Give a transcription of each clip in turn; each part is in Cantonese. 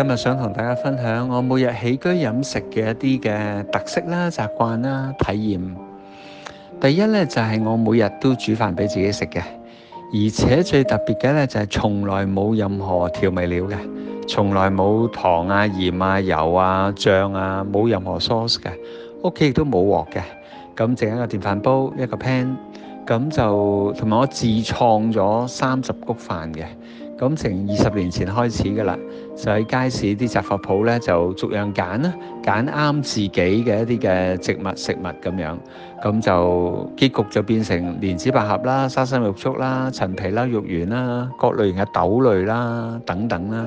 今日想同大家分享我每日起居飲食嘅一啲嘅特色啦、習慣啦、體驗。第一咧就係我每日都煮飯俾自己食嘅，而且最特別嘅咧就係從來冇任何調味料嘅，從來冇糖啊、鹽啊、油啊、醬啊，冇任何 sauce 嘅，屋企亦都冇鑊嘅，咁整一個電飯煲一個 pan。咁就同埋我自創咗三十谷飯嘅，咁成二十年前開始嘅啦，就喺街市啲雜貨鋪咧，就逐樣揀啦，揀啱自己嘅一啲嘅植物食物咁樣，咁就結局就變成蓮子百合啦、沙參玉竹啦、陳皮啦、肉丸啦、各類型嘅豆類啦等等啦，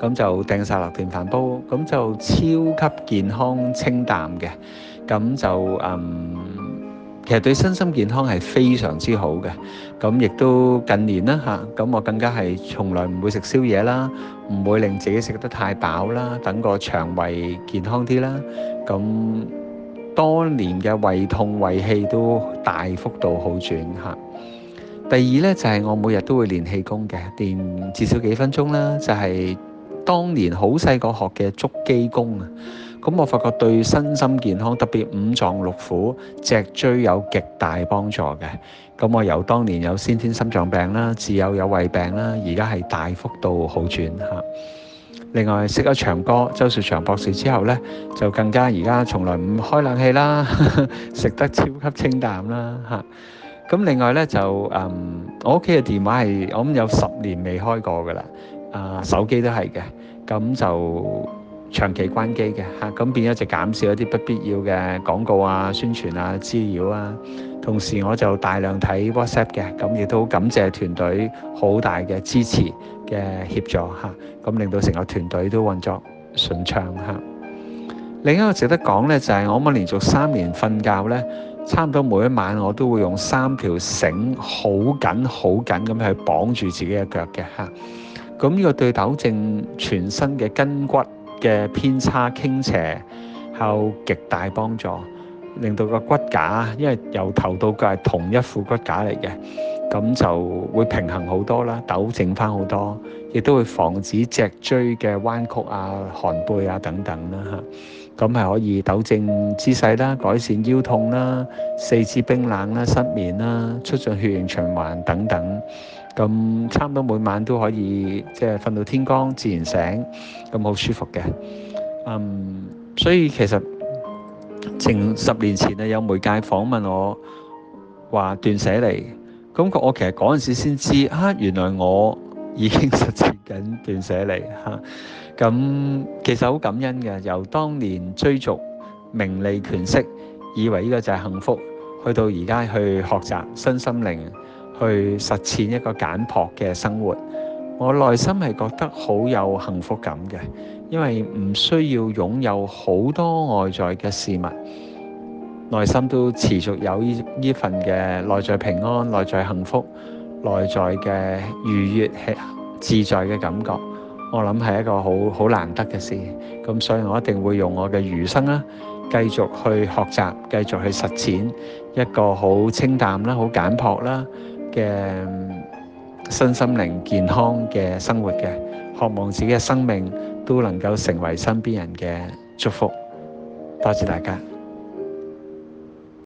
咁就掟曬落電飯煲，咁就超級健康清淡嘅，咁就嗯。其實對身心健康係非常之好嘅，咁亦都近年啦嚇，咁我更加係從來唔會食宵夜啦，唔會令自己食得太飽啦，等個腸胃健康啲啦。咁多年嘅胃痛胃氣都大幅度好轉嚇。第二呢就係我每日都會練氣功嘅，練至少幾分鐘啦，就係當年好細個學嘅足基功啊。咁我發覺對身心健康，特別五臟六腑、脊椎有極大幫助嘅。咁我由當年有先天心臟病啦，自幼有，有胃病啦，而家係大幅度好轉嚇。另外識咗長哥周兆祥博士之後呢，就更加而家從來唔開冷氣啦， 食得超級清淡啦嚇。咁另外呢，就誒、嗯，我屋企嘅電話係我諗有十年未開過噶啦，啊手機都係嘅，咁就。長期關機嘅嚇，咁變咗就減少一啲不必要嘅廣告啊、宣傳啊、滋擾啊。同時我就大量睇 WhatsApp 嘅，咁亦都感謝團隊好大嘅支持嘅協助嚇，咁令到成個團隊都運作順暢嚇。另一個值得講呢，就係、是、我啱啱連續三年瞓覺呢，差唔多每一晚我都會用三條繩好緊好緊咁去綁住自己嘅腳嘅嚇。咁呢個對抖正全身嘅筋骨。嘅偏差傾斜係有極大幫助，令到個骨架，因為由頭到腳係同一副骨架嚟嘅。咁就會平衡好多啦，糾正返好多，亦都會防止脊椎嘅彎曲啊、寒背啊等等啦、啊、嚇。咁係可以糾正姿勢啦，改善腰痛啦、四肢冰冷啦、失眠啦、促進血液循環等等。咁差唔多每晚都可以即係瞓到天光自然醒，咁好舒服嘅。嗯，所以其實成十年前啊，有媒介訪問我話斷捨離。咁我我其實嗰陣時先知啊，原來我已經實踐緊斷捨離吓。咁、啊、其實好感恩嘅，由當年追逐名利權勢，以為呢個就係幸福，去到而家去學習新心靈，去實踐一個簡樸嘅生活，我內心係覺得好有幸福感嘅，因為唔需要擁有好多外在嘅事物。內心都持續有呢呢份嘅內在平安、內在幸福、內在嘅愉悅、自在嘅感覺，我諗係一個好好難得嘅事。咁所以我一定會用我嘅餘生啦，繼續去學習、繼續去實踐一個好清淡啦、好簡樸啦嘅身心靈健康嘅生活嘅，渴望自己嘅生命都能夠成為身邊人嘅祝福。多謝大家。